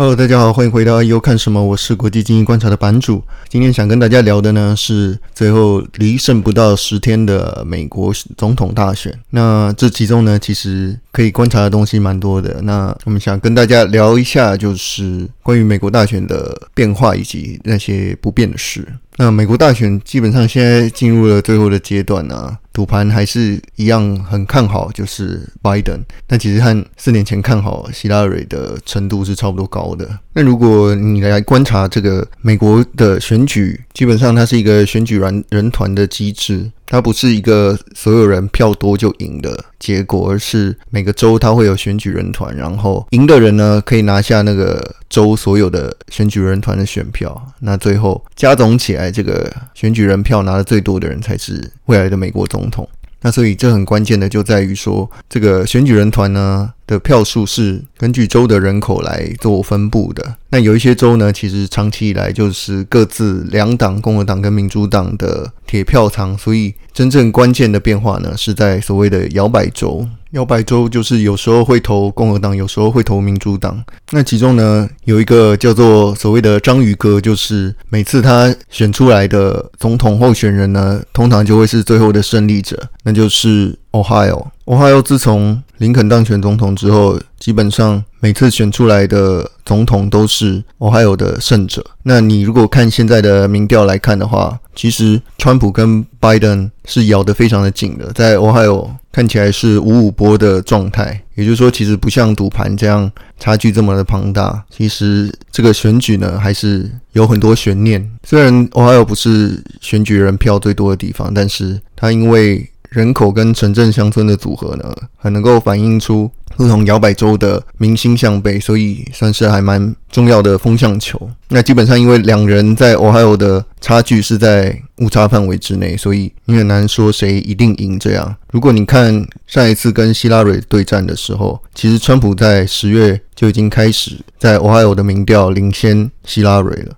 Hello，大家好，歡迎回到 IEO 看什麼，我是國際經濟觀察的版主。今天想跟大家聊的呢，是最後離勝不到十天的美國總統大選。那這其中呢，其實可以觀察的東西蠻多的。那我們想跟大家聊一下，就是關於美國大選的變化以及那些不變的事。那美國大選基本上現在進入了最後的階段啊，賭盤還是一樣很看好，就是 Biden。但其實和四年前看好希拉蕊的程度是差不多高的。那如果你來觀察這個美國的選舉，基本上它是一個選舉人，人團的機制。它不是一個所有人票多就贏的結果，而是每個州它會有選舉人團，然後贏的人呢可以拿下那個州所有的選舉人團的選票，那最後加總起來，這個選舉人票拿的最多的人才是未來的美國總統。那所以這很關鍵的就在於說，這個選舉人團呢。的票數是根據州的人口來做分布的。那有一些州呢，其實長期以來就是各自兩黨，共和黨跟民主黨的鐵票倉。所以真正關鍵的變化呢，是在所謂的搖擺州。搖擺州就是有時候會投共和黨，有時候會投民主黨。那其中呢，有一個叫做所謂的“章魚哥”，就是每次他選出來的總統候選人呢，通常就會是最後的勝利者，那就是 Ohio。Ohio 自從林肯當選總統之後，基本上每次選出來的總統都是 Ohio 的勝者。那你如果看現在的民調來看的話，其實川普跟拜登是咬得非常的緊的，在 Ohio 看起來是五五波的狀態，也就是說，其實不像賭盤這樣差距這麼的龐大。其實這個選舉呢，還是有很多懸念。雖然 Ohio 不是選舉人票最多的地方，但是他因為人口跟城鎮鄉村的組合呢，還能夠反映出不同搖擺州的民心向背，所以算是還蠻重要的風向球。那基本上，因為兩人在 Ohio 的差距是在誤差範圍之內，所以你很難說誰一定贏這樣。如果你看上一次跟希拉蕊對戰的時候，其實川普在十月就已經開始在 Ohio 的民調領先希拉蕊了。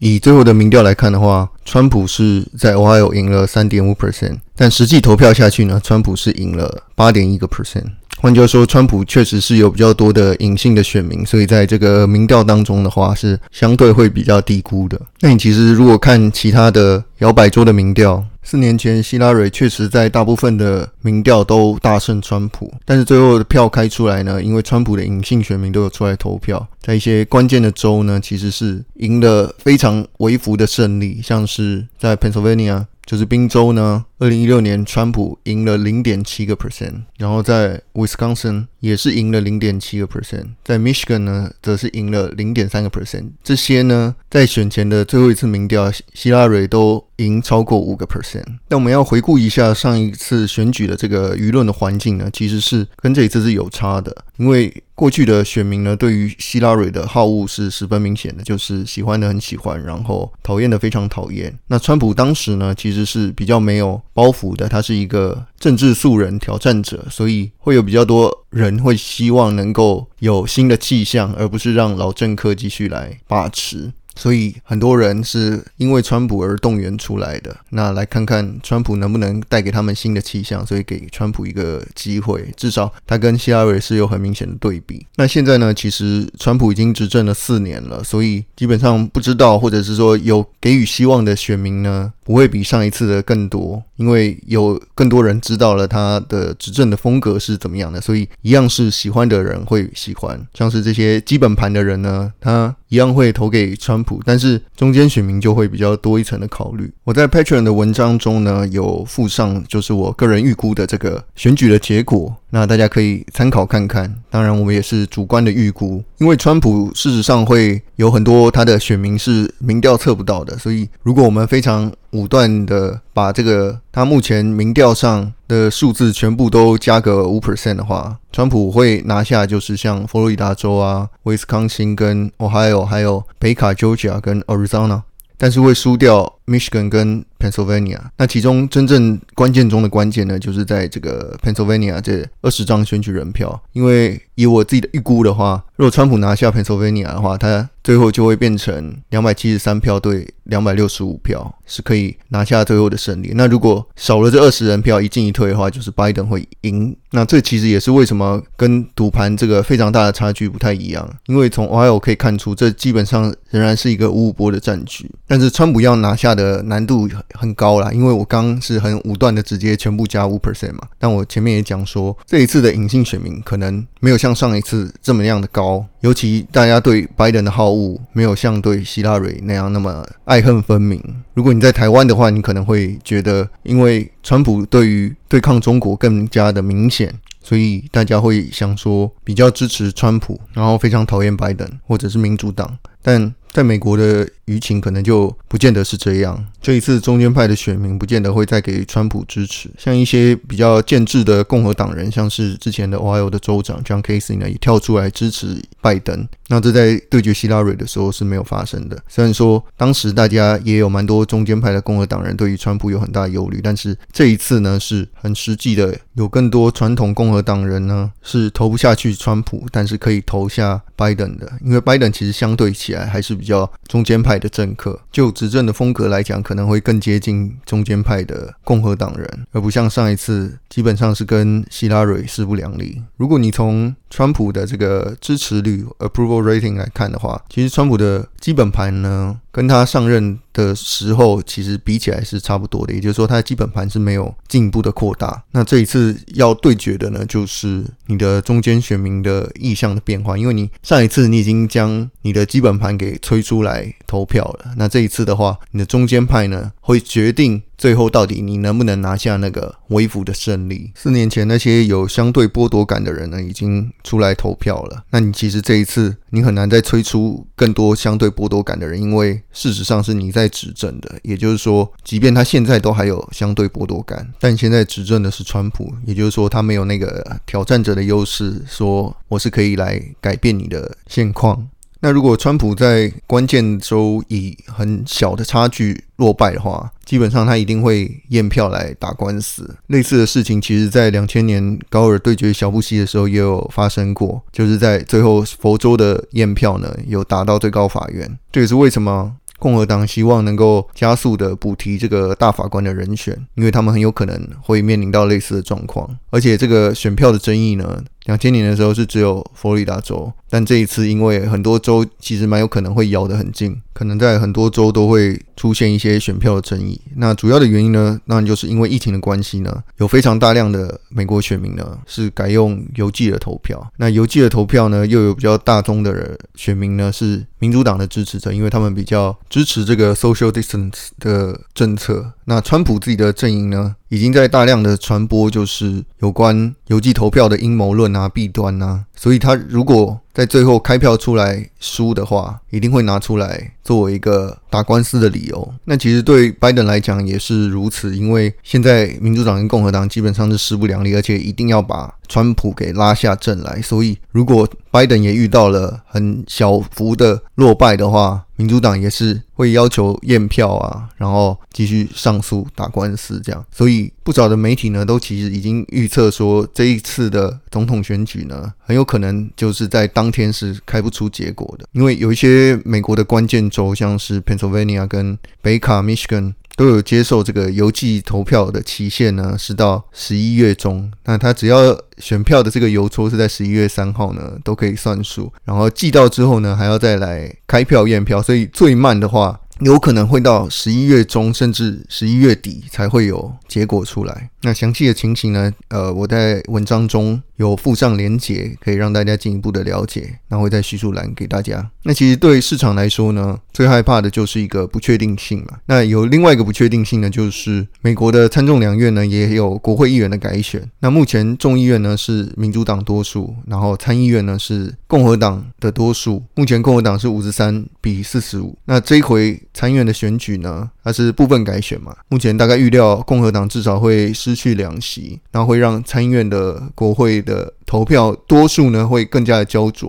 以最後的民調來看的話，川普是在 Ohio 贏了3.5 percent，但實際投票下去呢，川普是贏了8.1個 percent。換句話說，川普確實是有比較多的隱性的選民，所以在這個民調當中的話，是相對會比較低估的。那你其實如果看其他的搖擺州的民調，四年前，希拉蕊確實在大部分的民調都大勝川普，但是最後的票開出來呢，因為川普的隱性選民都有出來投票，在一些關鍵的州呢，其實是贏了非常微幅的勝利，像是在 Pennsylvania。就是賓州呢，二零一六年川普贏了零點七個 percent，然後在 Wisconsin 也是贏了零點七個 percent，在 Michigan 呢則是贏了零點三個 percent。這些呢，在選前的最後一次民調，希拉蕊都贏超過五個 percent。那我們要回顧一下上一次選舉的這個輿論的環境呢，其實是跟這一次是有差的，因為。過去的選民呢，對於希拉蕊的好惡是十分明顯的，就是喜歡的很喜歡，然後討厭的非常討厭。那川普當時呢，其實是比較沒有包袱的，他是一個政治素人挑戰者，所以會有比較多人會希望能夠有新的氣象，而不是讓老政客繼續來把持。所以很多人是因為川普而動員出來的，那來看看川普能不能帶給他們新的氣象，所以給川普一個機會，至少他跟希拉里是有很明顯的對比。那現在呢，其實川普已經執政了四年了，所以基本上不知道或者是說有給予希望的選民呢。不會比上一次的更多，因為有更多人知道了他的執政的風格是怎麼樣的，所以一樣是喜歡的人會喜歡，像是這些基本盤的人呢，他一樣會投給川普，但是中間選民就會比較多一層的考慮。我在 Patreon 的文章中呢，有附上就是我個人預估的這個選舉的結果，那大家可以參考看看，當然我們也是主觀的預估。因為川普事實上會有很多他的選民是民調測不到的，所以如果我們非常武斷的把這個他目前民調上的數字全部都加個五 percent 的話，川普會拿下就是像佛羅里達州啊、威斯康星跟 Ohio，還有北卡、Georgia 跟 Arizona，但是會輸掉 Michigan 跟 Pennsylvania，那其中真正關鍵中的關鍵呢，就是在這個 Pennsylvania 這二十張選舉人票，因為以我自己的預估的話，如果川普拿下 Pennsylvania 的話，他最後就會變成兩百七十三票對兩百六十五票，是可以拿下最後的勝利。那如果少了這二十人票一進一退的話，就是拜登會贏。那這其實也是為什麼跟賭盤這個非常大的差距不太一樣，因為從 Ohio，可以看出，這基本上仍然是一個五五波的戰局，但是川普要拿下的難度很很高啦，因為我剛是很武斷的直接全部加五 percent 嘛，但我前面也講說，這一次的隱性選民可能沒有像上一次這麼樣的高，尤其大家對拜登的好惡沒有像對希拉蕊那樣那麼愛恨分明。如果你在台灣的話，你可能會覺得，因為川普對於對抗中國更加的明顯。所以大家會想說比較支持川普，然後非常討厭拜登或者是民主黨。但在美國的輿情可能就不見得是這樣。這一次中間派的選民不見得會再給川普支持。像一些比較建制的共和黨人，像是之前的俄亥俄的州長 John Kasich 呢，也跳出來支持拜登。那這在對決希拉瑞的時候是沒有發生的。雖然說當時大家也有蠻多中間派的共和黨人對於川普有很大的大憂慮，但是這一次呢是很實際的。有更多傳統共和黨人呢是投不下去川普，但是可以投下拜登的，因為拜登其實相對起來還是比較中間派的政客，就執政的風格來講，可能會更接近中間派的共和黨人，而不像上一次基本上是跟希拉蕊勢不兩立。如果你從川普的這個支持率 approval rating 來看的話，其實川普的基本盤呢，跟他上任的時候其實比起來是差不多的，也就是說他的基本盤是沒有進一步的擴大。那這一次要對決的呢，就是你的中間選民的意向的變化，因為你上一次你已經將你的基本盤給催出來投票了，那這一次的話，你的中間派呢，會決定。最後到底你能不能拿下那個微服的勝利？四年前那些有相對剝奪感的人呢，已經出來投票了。那你其實這一次你很難再催出更多相對剝奪感的人，因為事實上是你在執政的。也就是說，即便他現在都還有相對剝奪感，但現在執政的是川普，也就是說他沒有那個挑戰者的優勢，說我是可以來改變你的現況。那如果川普在關鍵州以很小的差距落敗的話，基本上他一定會驗票來打官司。類似的事情，其實，在兩千年高爾對決小布希的時候也有發生過，就是在最後佛州的驗票呢，有打到最高法院。這也是為什麼共和黨希望能夠加速的補提這個大法官的人選，因為他們很有可能會面臨到類似的狀況。而且，這個選票的爭議呢，兩千年的時候是只有佛羅里達州。但這一次，因為很多州其實蠻有可能會咬得很近，可能在很多州都會出現一些選票的爭議。那主要的原因呢，那就是因為疫情的關係呢，有非常大量的美國選民呢是改用郵寄的投票。那郵寄的投票呢，又有比較大宗的人選民呢是民主黨的支持者，因為他們比較支持這個 social distance 的政策。那川普自己的陣營呢，已經在大量的傳播就是有關郵寄投票的陰謀論啊、弊端啊，所以他如果在最後開票出來輸的話，一定會拿出來作為一個打官司的理由。那其實對拜登來講也是如此，因為現在民主黨跟共和黨基本上是勢不兩立，而且一定要把。川普給拉下陣來，所以如果拜登也遇到了很小幅的落敗的話，民主黨也是會要求驗票啊，然後繼續上訴打官司這樣。所以不少的媒體呢，都其實已經預測說，這一次的總統選舉呢，很有可能就是在當天是開不出結果的，因為有一些美國的關鍵州像是 Pennsylvania 跟北卡 Michigan。都有接受這個郵寄投票的期限呢，是到十一月中。那他只要選票的這個郵戳是在十一月三號呢，都可以算數。然後寄到之後呢，還要再來開票驗票，所以最慢的話，有可能會到十一月中，甚至十一月底才會有結果出來。那詳細的情形呢，呃，我在文章中有附上連結，可以讓大家進一步的了解。那會在敘述欄給大家。那其實對市場來說呢，最害怕的就是一個不確定性嘛。那有另外一個不確定性呢，就是美國的參眾兩院呢也有國會議員的改選。那目前眾議院呢是民主黨多數，然後參議院呢是共和黨的多數。目前共和黨是五十三比四十五。那這一回參議院的選舉呢，它是部分改選嘛。目前大概預料共和黨至少會是。失去兩席，那會讓參議院的國會的投票多數呢，會更加的膠著。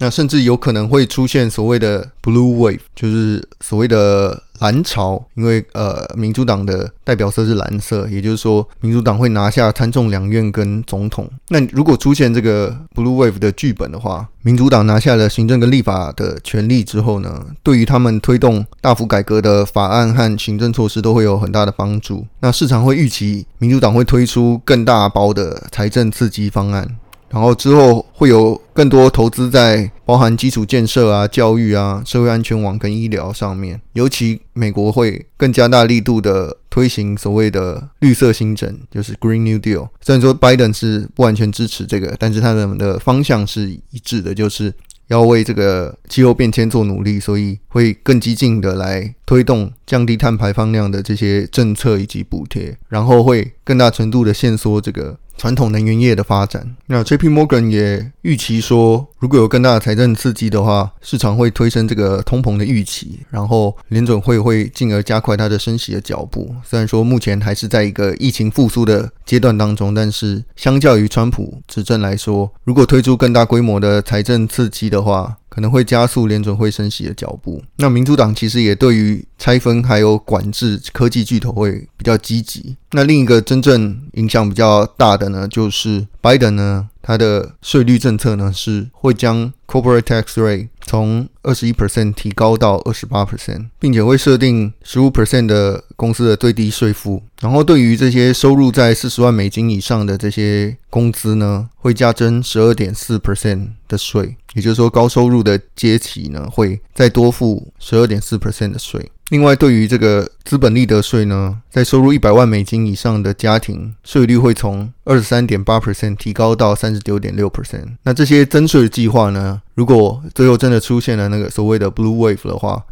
那甚至有可能會出現所謂的 blue wave，就是所謂的藍潮，因為呃，民主黨的代表色是藍色，也就是說，民主黨會拿下參眾兩院跟總統。那如果出現這個 blue wave 的劇本的話，民主黨拿下了行政跟立法的權力之後呢，對於他們推動大幅改革的法案和行政措施都會有很大的幫助。那市場會預期民主黨會推出更大包的財政刺激方案。然後之後會有更多投資在包含基礎建設啊、教育啊、社會安全網跟醫療上面，尤其美國會更加大力度的推行所謂的綠色新政，就是 Green New Deal。雖然說拜登是不完全支持這個，但是他們的方向是一致的，就是要為這個氣候變遷做努力，所以會更激進的來。推動降低碳排放量的這些政策以及補貼，然後會更大程度的限縮這個傳統能源業的發展。那 JP Morgan 也預期說，如果有更大的財政刺激的話，市場會推升這個通膨的預期，然後聯準會會進而加快它的升息的腳步。雖然說目前還是在一個疫情復甦的階段當中，但是相較於川普執政來說，如果推出更大規模的財政刺激的話，可能會加速聯準會升息的腳步。那民主黨其實也對於拆分還有管制科技巨頭會比較積極。那另一個真正影響比較大的呢，就是拜登呢，他的稅率政策呢，是會將。Corporate tax rate 從二十一 percent 提高到二十八 percent，並且會設定十五 percent 的公司的最低稅負。然後，對於這些收入在四十萬美金以上的這些工資呢，會加徵十二點四 percent 的稅。也就是說，高收入的階級呢，會再多付十二點四 percent 的稅。另外，對於這個資本利得稅呢，在收入一百萬美金以上的家庭，稅率會從二十三點八 percent 提高到三十九點六 percent。那這些增稅的計劃呢，如果最後真的出現了那個所謂的 blue wave 的話，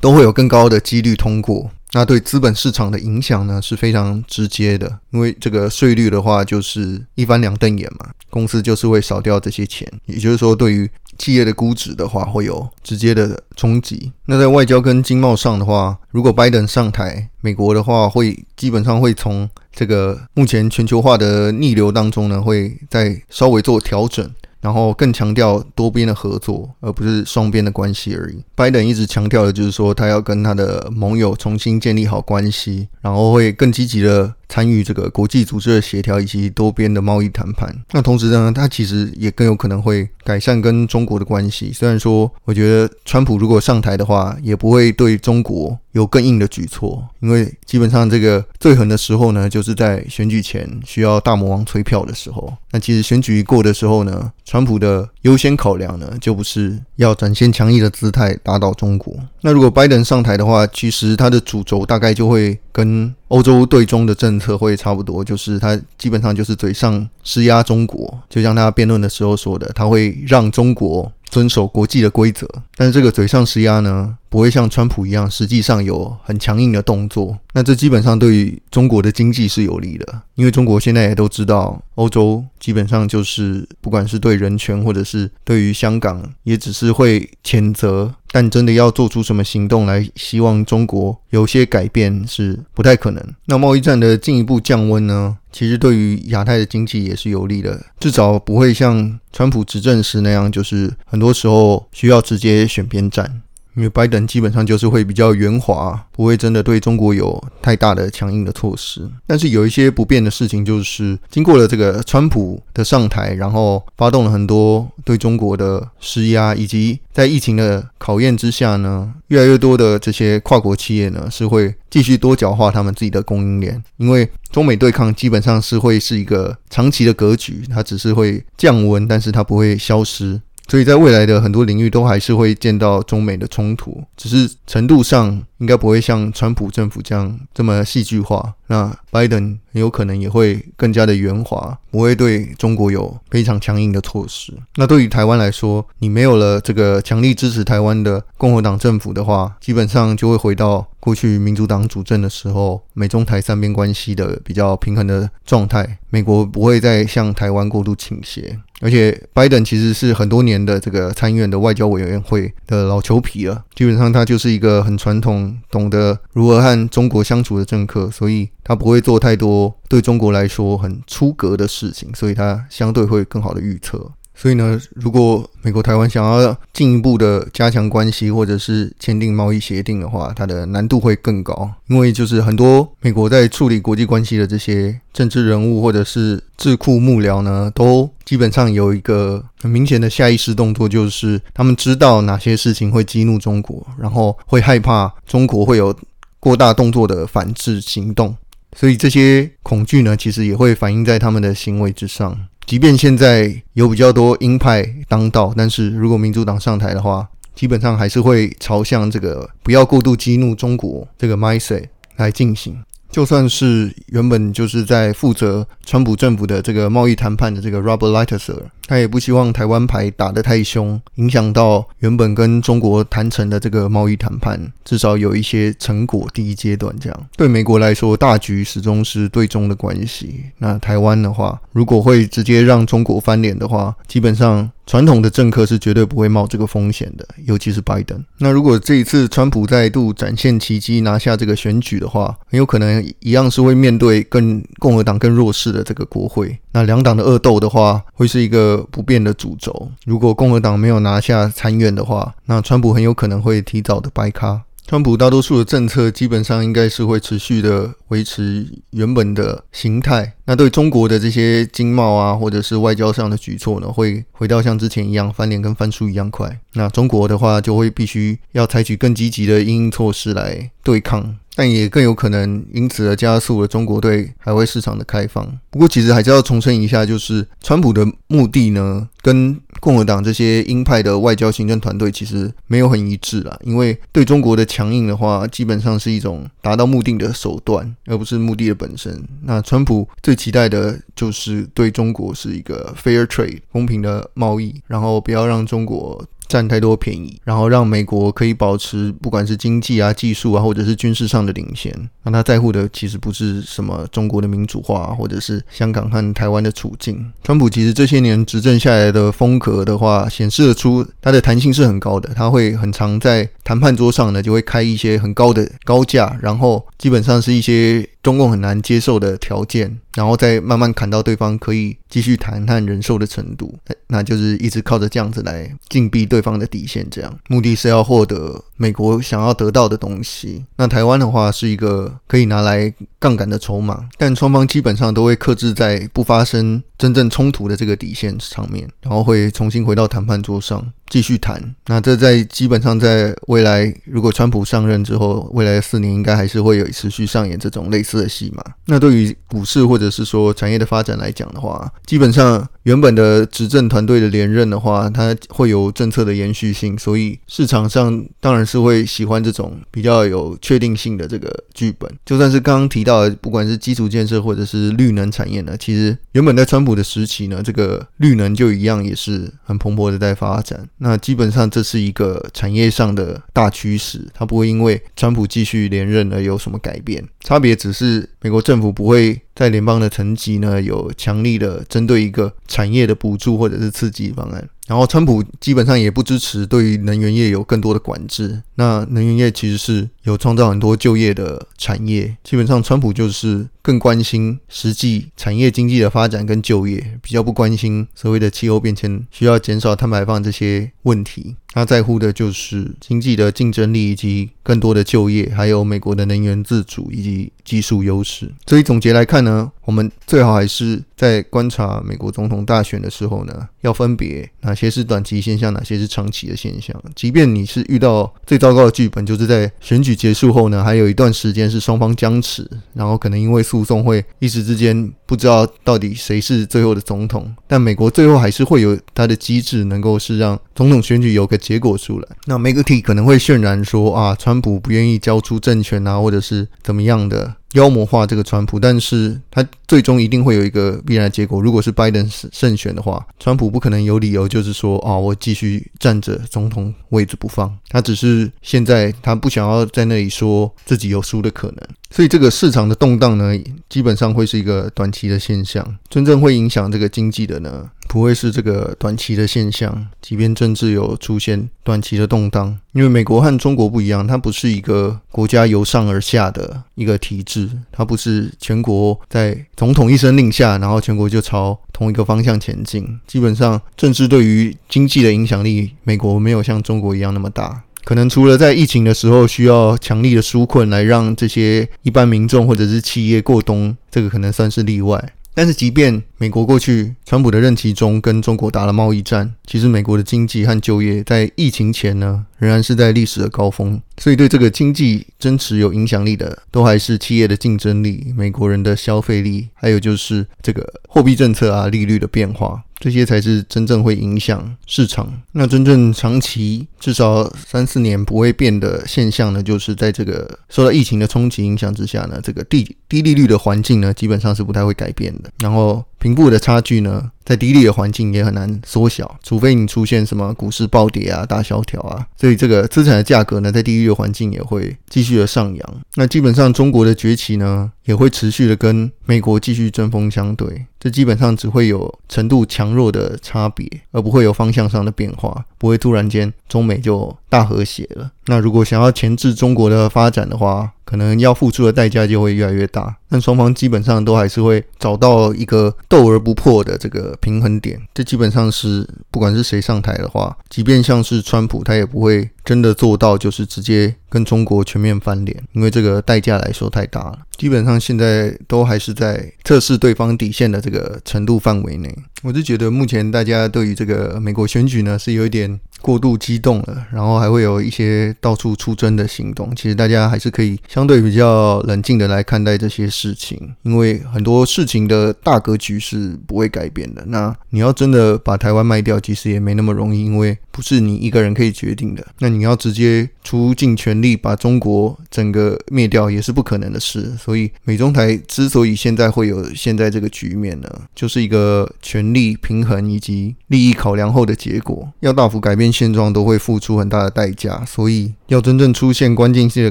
都會有更高的幾率通過。那對資本市場的影響呢，是非常直接的，因為這個稅率的話就是一翻兩瞪眼嘛，公司就是會少掉這些錢。也就是說，對於企業的估值的話，會有直接的衝擊。那在外交跟經貿上的話，如果拜登上台，美國的話會基本上會從這個目前全球化的逆流當中呢，會再稍微做調整。然後更強調多邊的合作，而不是雙邊的關係而已。拜登一直強調的就是說，他要跟他的盟友重新建立好關係，然後會更積極的。參與這個國際組織的協調以及多邊的貿易談判。那同時呢，他其實也更有可能會改善跟中國的關係。雖然說，我覺得川普如果上台的話，也不會對中國有更硬的舉措，因為基本上這個最狠的時候呢，就是在選舉前需要大魔王催票的時候。那其實選舉一過的時候呢，川普的。優先考量呢，就不是要展現強硬的姿態，打倒中國。那如果拜登上台的話，其實他的主軸大概就會跟歐洲對中的政策會差不多，就是他基本上就是嘴上施壓中國，就像他辯論的時候說的，他會讓中國。遵守國際的規則，但是這個嘴上施壓呢，不會像川普一樣，實際上有很強硬的動作。那這基本上對於中國的經濟是有利的，因為中國現在也都知道，歐洲基本上就是不管是對人權，或者是對於香港，也只是會譴責。但真的要做出什麼行動來，希望中國有些改變是不太可能。那貿易戰的進一步降溫呢？其實對於亞太的經濟也是有利的，至少不會像川普執政時那樣，就是很多時候需要直接選邊站。因為拜登基本上就是會比較圓滑，不會真的對中國有太大的強硬的措施。但是有一些不變的事情，就是經過了這個川普的上台，然後發動了很多對中國的施壓，以及在疫情的考驗之下呢，越來越多的這些跨國企業呢是會繼續多角化他們自己的供應鏈，因為中美對抗基本上是會是一個長期的格局，它只是會降溫，但是它不會消失。所以在未來的很多領域都還是會見到中美的衝突，只是程度上。應該不會像川普政府這樣這麼戲劇化。那拜登很有可能也會更加的圓滑，不會對中國有非常強硬的措施。那對於台灣來說，你沒有了這個強力支持台灣的共和黨政府的話，基本上就會回到過去民主黨主政的時候，美中台三邊關係的比較平衡的狀態。美國不會再向台灣過度傾斜。而且拜登其實是很多年的這個參議院的外交委員會的老球皮了，啊，基本上他就是一個很傳統。懂得如何和中國相處的政客，所以他不會做太多對中國來說很出格的事情，所以他相對會更好的預測。所以呢，如果美國臺灣想要進一步的加強關係，或者是簽訂貿易協定的話，它的難度會更高。因為就是很多美國在處理國際關係的這些政治人物或者是智庫幕僚呢，都基本上有一個很明顯的下意識動作，就是他們知道哪些事情會激怒中國，然後會害怕中國會有過大動作的反制行動。所以這些恐懼呢，其實也會反映在他們的行為之上。即便現在有比較多鷹派當道，但是如果民主黨上台的話，基本上還是會朝向這個不要過度激怒中國這個 mindset 來進行。就算是原本就是在負責川普政府的這個貿易談判的這個 Robert Lighthizer。他也不希望台灣牌打得太兇，影響到原本跟中國談成的這個貿易談判，至少有一些成果。第一階段這樣。對美國來說，大局始終是對中的關係。那台灣的話，如果會直接讓中國翻臉的話，基本上傳統的政客是絕對不會冒這個風險的，尤其是拜登。那如果這一次川普再度展現奇蹟，拿下這個選舉的話，很有可能一樣是會面對跟共和黨更弱勢的這個國會。那兩黨的惡鬥的話，會是一個。不變的主軸。如果共和黨沒有拿下參院的話，那川普很有可能會提早的掰咖。川普大多數的政策基本上應該是會持續的維持原本的形態。那對中國的這些經貿啊，或者是外交上的舉措呢，會回到像之前一樣翻臉跟翻書一樣快。那中國的話，就會必須要採取更積極的因應措施來對抗。但也更有可能因此而加速了中國對海外市場的開放。不過，其實還是要重申一下，就是川普的目的呢，跟共和黨這些鷹派的外交行政團隊其實沒有很一致啦。因為對中國的強硬的話，基本上是一種達到目的的手段，而不是目的的本身。那川普最期待的就是對中國是一個 fair trade，公平的貿易，然後不要讓中國。佔太多便宜，然後讓美國可以保持不管是經濟啊、技術啊，或者是軍事上的領先。讓他在乎的其實不是什麼中國的民主化啊，或者是香港和台灣的處境。川普其實這些年執政下來的風格的話，顯示得出他的彈性是很高的。他會很常在談判桌上呢，就會開一些很高的高價，然後基本上是一些。中共很難接受的條件，然後再慢慢砍到對方可以繼續談判忍受的程度，那就是一直靠着這樣子來進逼對方的底線，這樣目的是要獲得美國想要得到的東西。那台灣的話，是一個可以拿來。槓桿的籌碼，但雙方基本上都會克制在不發生真正衝突的這個底線上面，然後會重新回到談判桌上繼續談。那這在基本上在未來，如果川普上任之後，未來四年應該還是會有持續上演這種類似的戲碼。那對於股市或者是說產業的發展來講的話，基本上原本的執政團隊的連任的話，它會有政策的延續性，所以市場上當然是會喜歡這種比較有確定性的這個劇本。就算是剛剛提到的，呃，不管是基礎建設或者是綠能產業呢，其實原本在川普的時期呢，這個綠能就一樣也是很蓬勃的在發展。那基本上這是一個產業上的大趨勢，它不會因為川普繼續連任而有什麼改變。差別只是美國政府不會在聯邦的層級呢，有強力的針對一個產業的補助或者是刺激方案，然後川普基本上也不支持對於能源業有更多的管制。那能源業其實是有創造很多就業的產業，基本上川普就是更關心實際產業經濟的發展跟就業，比較不關心所謂的氣候變遷需要減少碳排放這些問題。他在乎的就是經濟的競爭力，以及更多的就業，還有美國的能源自主以及技術優勢。所以總結來看呢。我們最好還是在觀察美國總統大選的時候呢，要分別哪些是短期現象，哪些是長期的現象。即便你是遇到最糟糕的劇本，就是在選舉結束後呢，還有一段時間是雙方僵持，然後可能因為訴訟會一時之間不知道到底誰是最後的總統。但美國最後還是會有它的機制，能夠是讓總統選舉有個結果出來。那媒體可能會渲染說啊，川普不願意交出政權啊，或者是怎麼樣的。妖魔化這個川普，但是他最終一定會有一個必然的結果。如果是拜登勝選的話，川普不可能有理由，就是說啊、哦，我繼續佔着總統位置不放。他只是現在他不想要在那裡說自己有輸的可能，所以這個市場的動盪呢，基本上會是一個短期的現象。真正會影響這個經濟的呢，不會是這個短期的現象，即便政治有出現短期的動盪，因為美國和中國不一樣，它不是一個國家由上而下的一個體制，它不是全國在總統一聲令下，然後全國就朝同一個方向前進。基本上，政治對於經濟的影響力，美國沒有像中國一樣那麼大。可能除了在疫情的時候需要強力的紓困來讓這些一般民眾或者是企業過冬，這個可能算是例外。但是，即便美國過去川普的任期中跟中國打了貿易戰，其實美國的經濟和就業在疫情前呢仍然是在歷史的高峰。所以，對這個經濟增持有影響力的，都還是企業的競爭力、美國人的消費力，還有就是這個貨幣政策啊、利率的變化。這些才是真正會影響市場。那真正長期，至少三四年不會變的現象呢，就是在這個受到疫情的衝擊影響之下呢，這個低低利率的環境呢，基本上是不太會改變的。然後。貧富的差距呢，在低利的環境也很難縮小，除非你出現什麼股市暴跌啊、大蕭條啊。所以這個資產的價格呢，在低利率環境也會繼續的上揚。那基本上中國的崛起呢，也會持續的跟美國繼續針鋒相對。這基本上只會有程度強弱的差別，而不會有方向上的變化，不會突然間中美就大和諧了。那如果想要鉗制中國的發展的話，可能要付出的代價就會越來越大，但雙方基本上都還是會找到一個鬥而不破的這個平衡點。這基本上是不管是誰上台的話，即便像是川普，他也不會真的做到，就是直接跟中國全面翻臉，因為這個代價來說太大了。基本上現在都還是在測試對方底線的這個程度範圍內。我是覺得目前大家對於這個美國選舉呢，是有一點。過度激動了，然後還會有一些到處出征的行動。其實大家還是可以相對比較冷靜的來看待這些事情，因為很多事情的大格局是不會改變的。那你要真的把台灣賣掉，其實也沒那麼容易，因為不是你一個人可以決定的。那你要直接出盡全力把中國整個滅掉，也是不可能的事。所以美中台之所以現在會有現在這個局面呢，就是一個權力平衡以及利益考量後的結果。要大幅改變。現狀都會付出很大的代價，所以要真正出現關鍵性的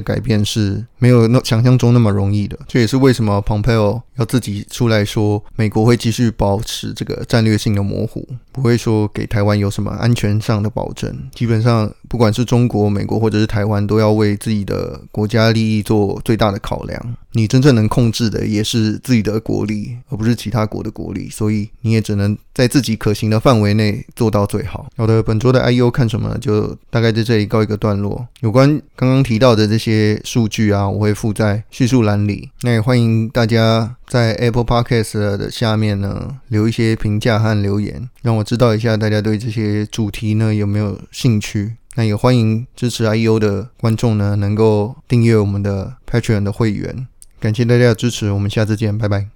改變，是沒有那想象中那麼容易的。這也是為什麼 Pompeo 要自己出來說，美國會繼續保持這個戰略性的模糊，不會說，給台灣有什麼安全上的保證。基本上。不管是中國、美國或者是台灣，都要為自己的國家利益做最大的考量。你真正能控制的也是自己的國力，而不是其他國的國力，所以你也只能在自己可行的範圍內做到最好。好的，本周的 IEO 看什麼，就大概在這裡告一個段落。有關剛剛提到的這些數據啊，我會附在敘述欄裡。那也歡迎大家在 Apple Podcast 的下面呢，留一些評價和留言，讓我知道一下大家對這些主題呢有沒有興趣。那也歡迎支持 IEO 的觀眾呢，能夠訂閱我們的 Patreon 的會員，感謝大家的支持，我們下次見，拜拜。